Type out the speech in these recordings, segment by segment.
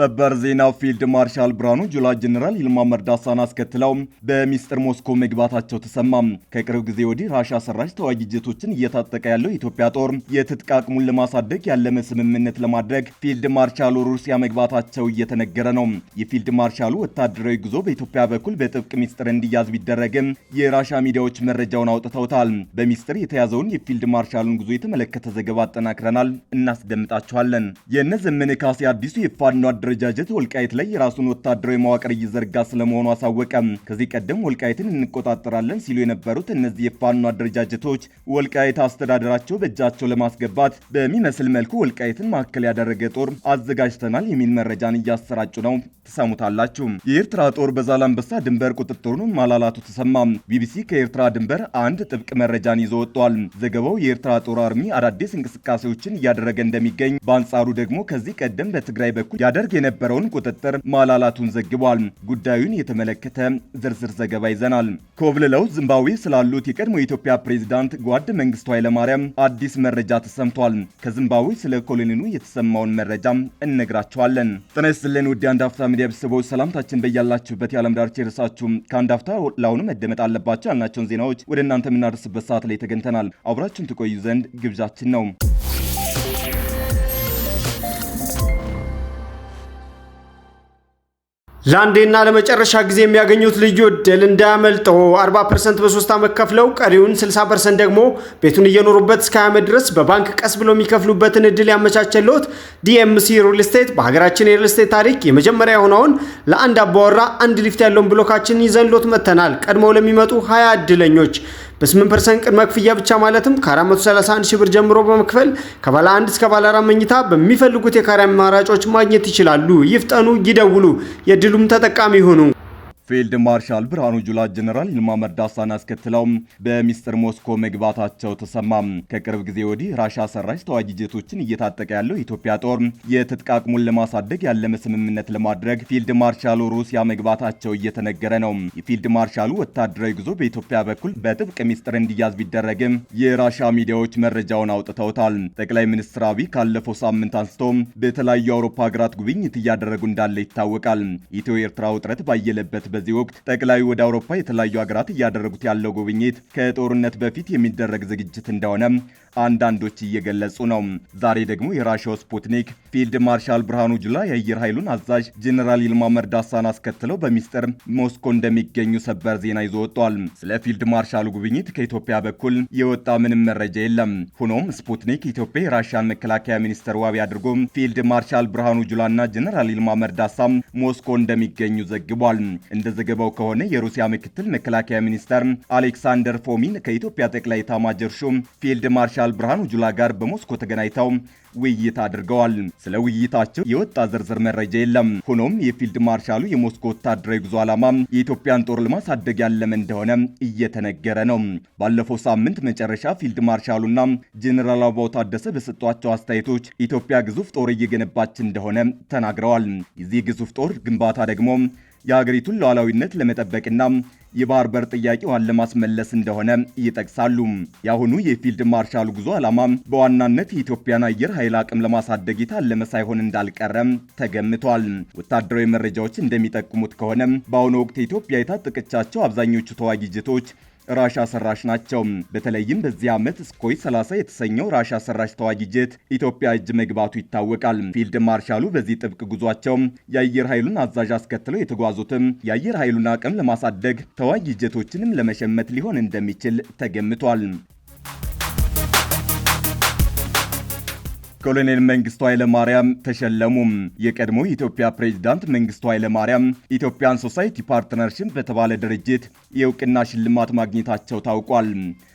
ሰበር ዜና ፊልድ ማርሻል ብርሃኑ ጁላ ጀኔራል ይልማ መርዳሳን አስከትለው በሚስጥር ሞስኮ መግባታቸው ተሰማ። ከቅርብ ጊዜ ወዲህ ራሻ ሰራሽ ተዋጊ ጀቶችን እየታጠቀ ያለው የኢትዮጵያ ጦር የትጥቅ አቅሙን ለማሳደግ ያለመ ስምምነት ለማድረግ ፊልድ ማርሻሉ ሩሲያ መግባታቸው እየተነገረ ነው። የፊልድ ማርሻሉ ወታደራዊ ጉዞ በኢትዮጵያ በኩል በጥብቅ ሚስጥር እንዲያዝ ቢደረግም የራሻ ሚዲያዎች መረጃውን አውጥተውታል። በሚስጥር የተያዘውን የፊልድ ማርሻሉን ጉዞ የተመለከተ ዘገባ አጠናክረናል፣ እናስደምጣችኋለን። የእነ ዘመነ ካሴ አዲሱ የፋኖ አደረጃጀት ወልቃይት ላይ የራሱን ወታደራዊ መዋቅር እየዘርጋ ስለመሆኑ አሳወቀ። ከዚህ ቀደም ወልቃይትን እንቆጣጠራለን ሲሉ የነበሩት እነዚህ የፋኖ አደረጃጀቶች ወልቃይት አስተዳደራቸው በእጃቸው ለማስገባት በሚመስል መልኩ ወልቃይትን ማዕከል ያደረገ ጦር አዘጋጅተናል የሚል መረጃን እያሰራጩ ነው። ትሰሙታላችሁ። የኤርትራ ጦር በዛላንበሳ ድንበር ቁጥጥሩን ማላላቱ ተሰማ። ቢቢሲ ከኤርትራ ድንበር አንድ ጥብቅ መረጃን ይዞ ወጥቷል። ዘገባው የኤርትራ ጦር አርሚ አዳዲስ እንቅስቃሴዎችን እያደረገ እንደሚገኝ፣ በአንጻሩ ደግሞ ከዚህ ቀደም በትግራይ በኩል ያደርግ ሲያደርግ የነበረውን ቁጥጥር ማላላቱን ዘግቧል። ጉዳዩን የተመለከተ ዝርዝር ዘገባ ይዘናል። ኮብልለው ዚምባብዌ ስላሉት የቀድሞ የኢትዮጵያ ፕሬዚዳንት ጓድ መንግስቱ ኃይለማርያም አዲስ መረጃ ተሰምቷል። ከዚምባብዌ ስለ ኮሎኔሉ የተሰማውን መረጃም እነግራቸዋለን። ጤና ይስጥልን ውድ አንድ አፍታ ሚዲያ ቤተሰቦች ሰላምታችን በያላችሁበት የዓለም ዳርቻ የደረሳችሁም ከአንድ አፍታ ለአሁኑ መደመጥ አለባቸው ያልናቸውን ዜናዎች ወደ እናንተ የምናደርስበት ሰዓት ላይ ተገኝተናል። አብራችሁን ትቆዩ ዘንድ ግብዣችን ነው። ለአንዴና ለመጨረሻ ጊዜ የሚያገኙት ልዩ እድል እንዳያመልጠው 40 ፐርሰንት በሶስት ዓመት ከፍለው ቀሪውን 60 ፐርሰንት ደግሞ ቤቱን እየኖሩበት እስከ ዓመት ድረስ በባንክ ቀስ ብሎ የሚከፍሉበትን እድል ያመቻቸልዎት ዲኤምሲ ሪል ስቴት በሀገራችን የሪል ስቴት ታሪክ የመጀመሪያ የሆነውን ለአንድ አባወራ አንድ ሊፍት ያለውን ብሎካችን ይዘንሎት መጥተናል። ቀድሞው ለሚመጡ 20 እድለኞች በ8 ፐርሰንት ቅድመ ክፍያ ብቻ ማለትም ከ431 ሺህ ብር ጀምሮ በመክፈል ከባለ 1 እስከ ባለ 4 መኝታ በሚፈልጉት የካሪ አማራጮች ማግኘት ይችላሉ። ይፍጠኑ፣ ይደውሉ፣ የድሉም ተጠቃሚ ይሁኑ። ፊልድ ማርሻል ብርሃኑ ጁላ ጀነራል ይልማ መርዳሳን አስከትለው በሚስጥር ሞስኮ መግባታቸው ተሰማ። ከቅርብ ጊዜ ወዲህ ራሻ ሰራሽ ተዋጊ ጀቶችን እየታጠቀ ያለው የኢትዮጵያ ጦር የትጥቅ አቅሙን ለማሳደግ ያለመ ስምምነት ለማድረግ ፊልድ ማርሻሉ ሩሲያ መግባታቸው እየተነገረ ነው። የፊልድ ማርሻሉ ወታደራዊ ጉዞ በኢትዮጵያ በኩል በጥብቅ ሚስጥር እንዲያዝ ቢደረግም የራሻ ሚዲያዎች መረጃውን አውጥተውታል። ጠቅላይ ሚኒስትር አብይ ካለፈው ሳምንት አንስቶ በተለያዩ የአውሮፓ ሀገራት ጉብኝት እያደረጉ እንዳለ ይታወቃል። ኢትዮ ኤርትራ ውጥረት ባየለበት በዚህ ወቅት ጠቅላዩ ወደ አውሮፓ የተለያዩ ሀገራት እያደረጉት ያለው ጉብኝት ከጦርነት በፊት የሚደረግ ዝግጅት እንደሆነ አንዳንዶች እየገለጹ ነው። ዛሬ ደግሞ የራሽያው ስፑትኒክ ፊልድ ማርሻል ብርሃኑ ጁላ የአየር ኃይሉን አዛዥ ጀኔራል ይልማ መርዳሳን አስከትለው በሚስጥር ሞስኮ እንደሚገኙ ሰበር ዜና ይዞ ወጥቷል። ስለ ፊልድ ማርሻሉ ጉብኝት ከኢትዮጵያ በኩል የወጣ ምንም መረጃ የለም። ሆኖም ስፑትኒክ ኢትዮጵያ የራሽያን መከላከያ ሚኒስትር ዋቢ አድርጎ ፊልድ ማርሻል ብርሃኑ ጁላና ጀኔራል ይልማ መርዳሳም ሞስኮ እንደሚገኙ ዘግቧል። እንደ ዘገባው ከሆነ የሩሲያ ምክትል መከላከያ ሚኒስተር አሌክሳንደር ፎሚን ከኢትዮጵያ ጠቅላይ ኤታማዦር ሹም ፊልድ ማርሻል ከማርሻል ብርሃኑ ጁላ ጋር በሞስኮ ተገናኝተው ውይይት አድርገዋል። ስለ ውይይታቸው የወጣ ዝርዝር መረጃ የለም። ሆኖም የፊልድ ማርሻሉ የሞስኮ ወታደራዊ ጉዞ ዓላማ የኢትዮጵያን ጦር ለማሳደግ ያለመ እንደሆነ እየተነገረ ነው። ባለፈው ሳምንት መጨረሻ ፊልድ ማርሻሉና ጄኔራል አበባው ታደሰ በሰጧቸው አስተያየቶች ኢትዮጵያ ግዙፍ ጦር እየገነባች እንደሆነ ተናግረዋል። የዚህ ግዙፍ ጦር ግንባታ ደግሞ የሀገሪቱን ሉዓላዊነት ለመጠበቅና የባህር በር ጥያቄዋን ለማስመለስ እንደሆነ ይጠቅሳሉ። የአሁኑ የፊልድ ማርሻል ጉዞ ዓላማ በዋናነት የኢትዮጵያን አየር ኃይል አቅም ለማሳደግ የታለመ ሳይሆን እንዳልቀረም ተገምቷል። ወታደራዊ መረጃዎች እንደሚጠቁሙት ከሆነ በአሁኑ ወቅት ኢትዮጵያ የታጠቀቻቸው አብዛኞቹ ተዋጊ ጀቶች ራሻ ሰራሽ ናቸው። በተለይም በዚህ ዓመት ስኮይ 30 የተሰኘው ራሻ ሰራሽ ተዋጊ ጀት ኢትዮጵያ እጅ መግባቱ ይታወቃል። ፊልድ ማርሻሉ በዚህ ጥብቅ ጉዟቸው የአየር ኃይሉን አዛዥ አስከትለው የተጓዙትም የአየር ኃይሉን አቅም ለማሳደግ ተዋጊ ጀቶችንም ለመሸመት ሊሆን እንደሚችል ተገምቷል። ኮሎኔል መንግስቱ ኃይለማርያም ተሸለሙ። የቀድሞ የኢትዮጵያ ፕሬዚዳንት መንግስቱ ኃይለማርያም ኢትዮጵያን ሶሳይቲ ፓርትነርሽፕ በተባለ ድርጅት የእውቅና ሽልማት ማግኘታቸው ታውቋል።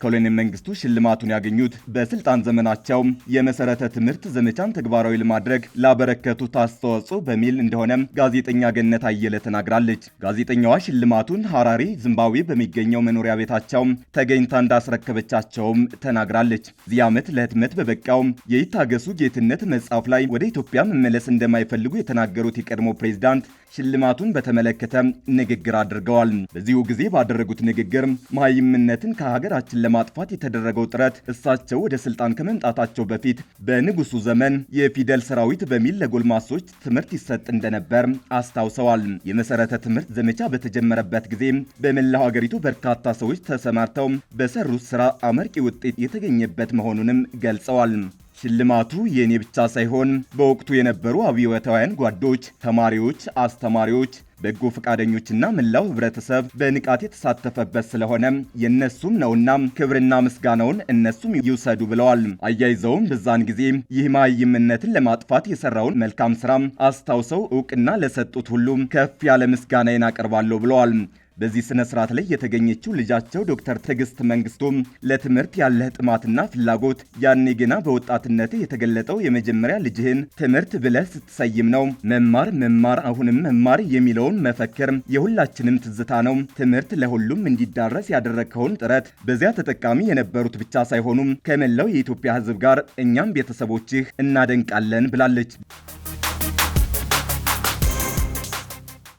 ኮሎኔል መንግስቱ ሽልማቱን ያገኙት በስልጣን ዘመናቸው የመሰረተ ትምህርት ዘመቻን ተግባራዊ ለማድረግ ላበረከቱት አስተዋጽኦ በሚል እንደሆነ ጋዜጠኛ ገነት አየለ ተናግራለች። ጋዜጠኛዋ ሽልማቱን ሐራሪ ዚምባብዌ በሚገኘው መኖሪያ ቤታቸው ተገኝታ እንዳስረከበቻቸውም ተናግራለች። ዚህ ዓመት ለህትመት በበቃው የይታገሱ ጌትነት መጽሐፍ ላይ ወደ ኢትዮጵያ መመለስ እንደማይፈልጉ የተናገሩት የቀድሞ ፕሬዝዳንት ሽልማቱን በተመለከተ ንግግር አድርገዋል። በዚሁ ጊዜ ባደረጉት ንግግር መሐይምነትን ከሀገራችን ለማጥፋት የተደረገው ጥረት እሳቸው ወደ ስልጣን ከመምጣታቸው በፊት በንጉሱ ዘመን የፊደል ሰራዊት በሚል ለጎልማሶች ትምህርት ይሰጥ እንደነበር አስታውሰዋል። የመሰረተ ትምህርት ዘመቻ በተጀመረበት ጊዜ በመላው ሀገሪቱ በርካታ ሰዎች ተሰማርተው በሰሩት ስራ አመርቂ ውጤት የተገኘበት መሆኑንም ገልጸዋል። ሽልማቱ የእኔ ብቻ ሳይሆን በወቅቱ የነበሩ አብዮታውያን ጓዶች፣ ተማሪዎች፣ አስተማሪዎች በጎ ፈቃደኞችና መላው ህብረተሰብ በንቃት የተሳተፈበት ስለሆነ የእነሱም ነውና ክብርና ምስጋናውን እነሱም ይውሰዱ ብለዋል። አያይዘውም በዛን ጊዜ ይህ ማይምነትን ለማጥፋት የሰራውን መልካም ስራ አስታውሰው እውቅና ለሰጡት ሁሉ ከፍ ያለ ምስጋናዬን አቀርባለሁ ብለዋል። በዚህ ስነ ስርዓት ላይ የተገኘችው ልጃቸው ዶክተር ትዕግስት መንግስቱም ለትምህርት ያለህ ጥማትና ፍላጎት ያኔ ገና በወጣትነት የተገለጠው የመጀመሪያ ልጅህን ትምህርት ብለህ ስትሰይም ነው። መማር መማር አሁንም መማር የሚለውን መፈክር የሁላችንም ትዝታ ነው። ትምህርት ለሁሉም እንዲዳረስ ያደረግከውን ጥረት በዚያ ተጠቃሚ የነበሩት ብቻ ሳይሆኑም ከመላው የኢትዮጵያ ሕዝብ ጋር እኛም ቤተሰቦችህ እናደንቃለን ብላለች።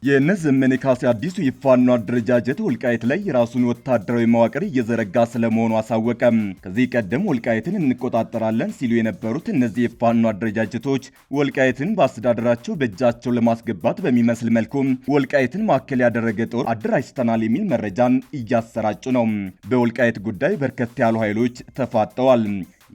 የነዘመነ ካሴ አዲሱ የፋኖ አደረጃጀት ወልቃይት ላይ የራሱን ወታደራዊ መዋቅር እየዘረጋ ስለመሆኑ አሳወቀም። ከዚህ ቀደም ወልቃይትን እንቆጣጠራለን ሲሉ የነበሩት እነዚህ የፋኖ አደረጃጀቶች ወልቃይትን በአስተዳደራቸው በእጃቸው ለማስገባት በሚመስል መልኩ ወልቃይትን ማዕከል ያደረገ ጦር አደራጅተናል የሚል መረጃን እያሰራጩ ነው። በወልቃይት ጉዳይ በርከት ያሉ ኃይሎች ተፋጠዋል።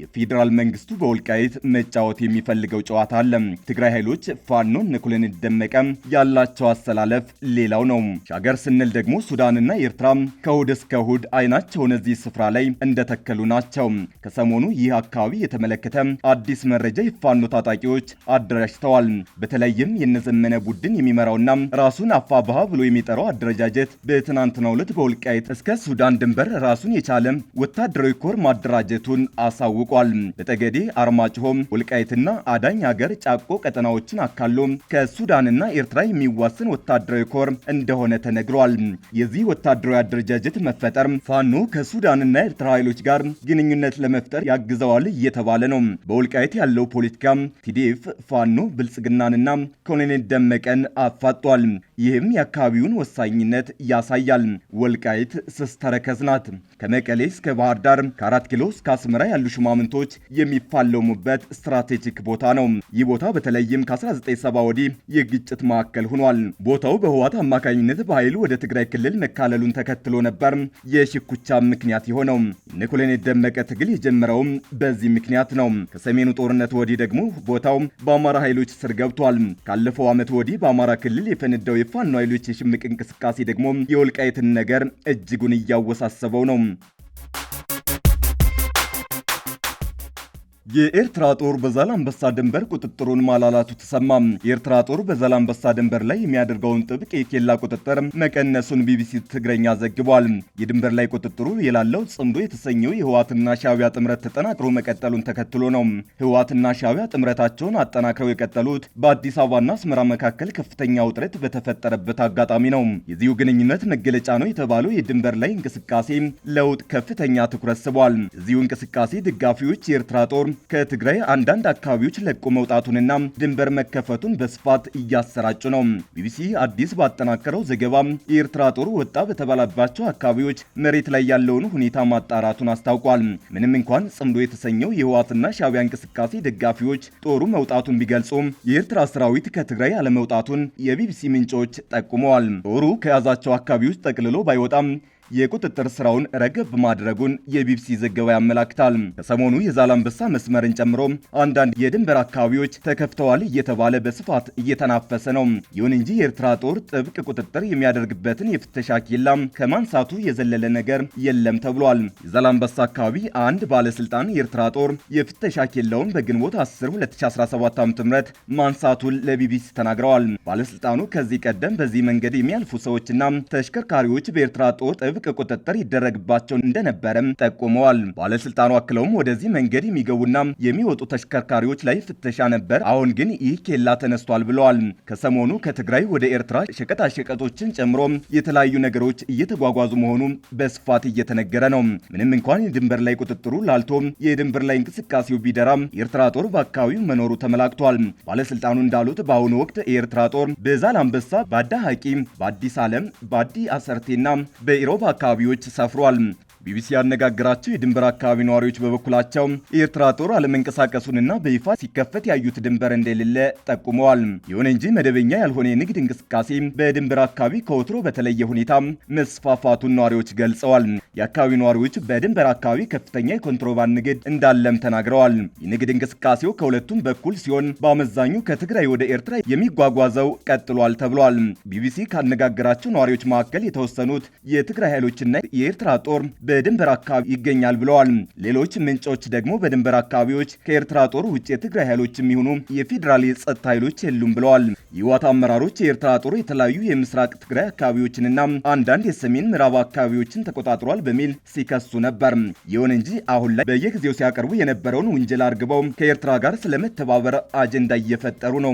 የፌዴራል መንግስቱ በወልቃይት መጫወት የሚፈልገው ጨዋታ አለ። ትግራይ ኃይሎች ፋኖን ንኩልን ደመቀ ያላቸው አሰላለፍ ሌላው ነው። ሻገር ስንል ደግሞ ሱዳንና ኤርትራ ከእሁድ እስከ እሁድ አይናቸውን እዚህ ስፍራ ላይ እንደተከሉ ናቸው። ከሰሞኑ ይህ አካባቢ የተመለከተ አዲስ መረጃ የፋኖ ታጣቂዎች አደራጅተዋል። በተለይም የነዘመነ ቡድን የሚመራውና ራሱን አፋብሃ ብሎ የሚጠራው አደረጃጀት በትናንትናው ዕለት በወልቃይት እስከ ሱዳን ድንበር ራሱን የቻለ ወታደራዊ ኮር ማደራጀቱን አሳወ አስታውቋል። በጠገዴ አርማጭሆም፣ ወልቃይትና አዳኝ ሀገር ጫቆ ቀጠናዎችን አካሎ ከሱዳንና ኤርትራ የሚዋስን ወታደራዊ ኮር እንደሆነ ተነግሯል። የዚህ ወታደራዊ አደረጃጀት መፈጠር ፋኖ ከሱዳንና ኤርትራ ኃይሎች ጋር ግንኙነት ለመፍጠር ያግዘዋል እየተባለ ነው። በወልቃይት ያለው ፖለቲካ ቲዲኤፍ ፋኖ ብልጽግናንና ኮሎኔል ደመቀን አፋጧል። ይህም የአካባቢውን ወሳኝነት ያሳያል። ወልቃይት ስስተረከዝ ናት። ከመቀሌ እስከ ባህር ዳር ከአራት ኪሎ እስከ አስመራ ያሉ ሽማ ሹማምንቶች የሚፋለሙበት ስትራቴጂክ ቦታ ነው። ይህ ቦታ በተለይም ከ1970 ወዲህ የግጭት ማዕከል ሆኗል። ቦታው በህዋት አማካኝነት በኃይል ወደ ትግራይ ክልል መካለሉን ተከትሎ ነበር የሽኩቻ ምክንያት የሆነው። ኮሎኔል የደመቀ ትግል የጀመረውም በዚህ ምክንያት ነው። ከሰሜኑ ጦርነት ወዲህ ደግሞ ቦታው በአማራ ኃይሎች ስር ገብቷል። ካለፈው ዓመት ወዲህ በአማራ ክልል የፈነዳው የፋኖ ኃይሎች የሽምቅ እንቅስቃሴ ደግሞ የወልቃይትን ነገር እጅጉን እያወሳሰበው ነው። የኤርትራ ጦር አንበሳ ድንበር ቁጥጥሩን ማላላቱ ተሰማ። የኤርትራ ጦር በዛላምበሳ ድንበር ላይ የሚያደርገውን ጥብቅ የኬላ ቁጥጥር መቀነሱን ቢቢሲ ትግረኛ ዘግቧል። የድንበር ላይ ቁጥጥሩ የላለው ጽምዶ የተሰኘው የህዋትና ሻቢያ ጥምረት ተጠናክሮ መቀጠሉን ተከትሎ ነው። ህዋትና ሻቢያ ጥምረታቸውን አጠናክረው የቀጠሉት በአዲስ አበባና አስመራ መካከል ከፍተኛ ውጥረት በተፈጠረበት አጋጣሚ ነው። የዚሁ ግንኙነት መገለጫ ነው የተባለው የድንበር ላይ እንቅስቃሴ ለውጥ ከፍተኛ ትኩረት ስቧል። እዚሁ እንቅስቃሴ ደጋፊዎች የኤርትራ ጦር ከትግራይ አንዳንድ አካባቢዎች ለቆ መውጣቱንና ድንበር መከፈቱን በስፋት እያሰራጩ ነው። ቢቢሲ አዲስ ባጠናከረው ዘገባ የኤርትራ ጦር ወጣ በተባለባቸው አካባቢዎች መሬት ላይ ያለውን ሁኔታ ማጣራቱን አስታውቋል። ምንም እንኳን ጽምዶ የተሰኘው የህዋትና ሻቢያ እንቅስቃሴ ደጋፊዎች ጦሩ መውጣቱን ቢገልጹም የኤርትራ ሰራዊት ከትግራይ አለመውጣቱን የቢቢሲ ምንጮች ጠቁመዋል። ጦሩ ከያዛቸው አካባቢዎች ጠቅልሎ ባይወጣም የቁጥጥር ስራውን ረገብ ማድረጉን የቢቢሲ ዘገባ ያመላክታል። ከሰሞኑ የዛላንበሳ መስመርን ጨምሮ አንዳንድ የድንበር አካባቢዎች ተከፍተዋል እየተባለ በስፋት እየተናፈሰ ነው። ይሁን እንጂ የኤርትራ ጦር ጥብቅ ቁጥጥር የሚያደርግበትን የፍተሻ ኬላ ከማንሳቱ የዘለለ ነገር የለም ተብሏል። የዛላንበሳ አካባቢ አንድ ባለስልጣን የኤርትራ ጦር የፍተሻ ኬላውን በግንቦት 10 2017 ዓ.ም ማንሳቱን ለቢቢሲ ተናግረዋል። ባለስልጣኑ ከዚህ ቀደም በዚህ መንገድ የሚያልፉ ሰዎችና ተሽከርካሪዎች በኤርትራ ጦር ጥብቅ ጥብቅ ቁጥጥር ይደረግባቸው እንደነበረም ጠቁመዋል። ባለስልጣኑ አክለውም ወደዚህ መንገድ የሚገቡና የሚወጡ ተሽከርካሪዎች ላይ ፍተሻ ነበር፣ አሁን ግን ይህ ኬላ ተነስቷል ብለዋል። ከሰሞኑ ከትግራይ ወደ ኤርትራ ሸቀጣሸቀጦችን ጨምሮ የተለያዩ ነገሮች እየተጓጓዙ መሆኑ በስፋት እየተነገረ ነው። ምንም እንኳን የድንበር ላይ ቁጥጥሩ ላልቶ የድንበር ላይ እንቅስቃሴው ቢደራም የኤርትራ ጦር በአካባቢው መኖሩ ተመላክቷል። ባለስልጣኑ እንዳሉት በአሁኑ ወቅት የኤርትራ ጦር በዛላምበሳ፣ በአዳ ሐቂ፣ በአዲስ ዓለም፣ በአዲ አሰርቴና በኢሮብ አካባቢዎች ሰፍሯል። ቢቢሲ ያነጋግራቸው የድንበር አካባቢ ነዋሪዎች በበኩላቸው የኤርትራ ጦር አለመንቀሳቀሱንና በይፋ ሲከፈት ያዩት ድንበር እንደሌለ ጠቁመዋል። ይሁን እንጂ መደበኛ ያልሆነ የንግድ እንቅስቃሴ በድንበር አካባቢ ከወትሮ በተለየ ሁኔታ መስፋፋቱን ነዋሪዎች ገልጸዋል። የአካባቢ ነዋሪዎች በድንበር አካባቢ ከፍተኛ የኮንትሮባንድ ንግድ እንዳለም ተናግረዋል። የንግድ እንቅስቃሴው ከሁለቱም በኩል ሲሆን በአመዛኙ ከትግራይ ወደ ኤርትራ የሚጓጓዘው ቀጥሏል ተብሏል። ቢቢሲ ካነጋገራቸው ነዋሪዎች መካከል የተወሰኑት የትግራይ ኃይሎችና የኤርትራ ጦር በድንበር አካባቢ ይገኛል ብለዋል። ሌሎች ምንጮች ደግሞ በድንበር አካባቢዎች ከኤርትራ ጦር ውጭ የትግራይ ኃይሎች የሚሆኑ የፌዴራል የጸጥታ ኃይሎች የሉም ብለዋል። የህወሓት አመራሮች የኤርትራ ጦር የተለያዩ የምስራቅ ትግራይ አካባቢዎችንና አንዳንድ የሰሜን ምዕራብ አካባቢዎችን ተቆጣጥሯል በሚል ሲከሱ ነበር። ይሁን እንጂ አሁን ላይ በየጊዜው ሲያቀርቡ የነበረውን ውንጀላ አርግበው ከኤርትራ ጋር ስለመተባበር አጀንዳ እየፈጠሩ ነው።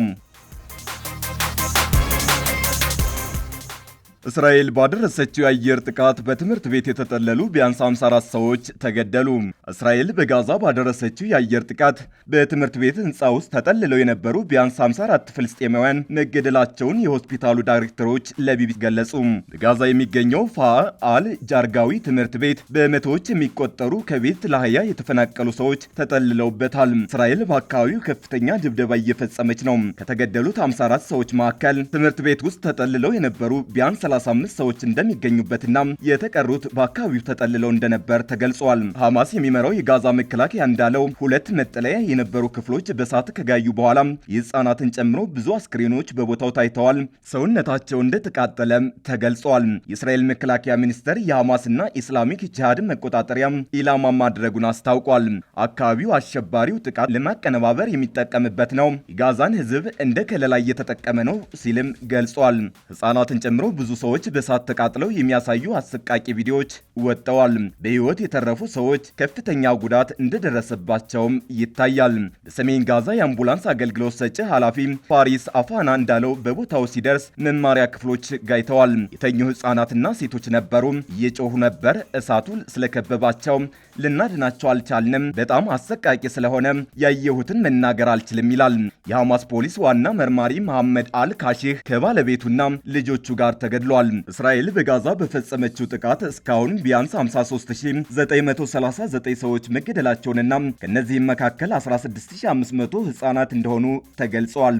እስራኤል ባደረሰችው የአየር ጥቃት በትምህርት ቤት የተጠለሉ ቢያንስ 54 ሰዎች ተገደሉ። እስራኤል በጋዛ ባደረሰችው የአየር ጥቃት በትምህርት ቤት ህንፃ ውስጥ ተጠልለው የነበሩ ቢያንስ 54 ፍልስጤማውያን መገደላቸውን የሆስፒታሉ ዳይሬክተሮች ለቢቢሲ ገለጹ። በጋዛ የሚገኘው ፋ አል ጃርጋዊ ትምህርት ቤት በመቶዎች የሚቆጠሩ ከቤት ለአህያ የተፈናቀሉ ሰዎች ተጠልለውበታል። እስራኤል በአካባቢው ከፍተኛ ድብደባ እየፈጸመች ነው። ከተገደሉት 54 ሰዎች መካከል ትምህርት ቤት ውስጥ ተጠልለው የነበሩ ቢያንስ 35 ሰዎች እንደሚገኙበትና የተቀሩት በአካባቢው ተጠልለው እንደነበር ተገልጿል። ሐማስ የሚመራው የጋዛ መከላከያ እንዳለው ሁለት መጠለያ የነበሩ ክፍሎች በእሳት ከጋዩ በኋላ የህፃናትን ጨምሮ ብዙ አስክሬኖች በቦታው ታይተዋል። ሰውነታቸው እንደተቃጠለ ተገልጿል። የእስራኤል መከላከያ ሚኒስቴር የሐማስና ኢስላሚክ ጂሃድ መቆጣጠሪያ ኢላማ ማድረጉን አስታውቋል። አካባቢው አሸባሪው ጥቃት ለማቀነባበር የሚጠቀምበት ነው፣ የጋዛን ህዝብ እንደ ከለላ እየተጠቀመ ነው ሲልም ገልጿል። ህጻናትን ጨምሮ ብዙ ሰዎች በእሳት ተቃጥለው የሚያሳዩ አሰቃቂ ቪዲዮዎች ወጥተዋል። በሕይወት የተረፉ ሰዎች ከፍተኛ ጉዳት እንደደረሰባቸውም ይታያል። በሰሜን ጋዛ የአምቡላንስ አገልግሎት ሰጪ ኃላፊ ፓሪስ አፋና እንዳለው በቦታው ሲደርስ መማሪያ ክፍሎች ጋይተዋል። የተኙ ሕጻናትና ሴቶች ነበሩ። እየጮሁ ነበር። እሳቱ ስለከበባቸው ልናድናቸው አልቻልንም። በጣም አሰቃቂ ስለሆነ ያየሁትን መናገር አልችልም ይላል። የሐማስ ፖሊስ ዋና መርማሪ መሐመድ አል ካሺህ ከባለቤቱና ልጆቹ ጋር ተገድሏል። ተገድሏል። እስራኤል በጋዛ በፈጸመችው ጥቃት እስካሁን ቢያንስ 53939 ሰዎች መገደላቸውንና ከእነዚህም መካከል 16500 ሕፃናት እንደሆኑ ተገልጸዋል።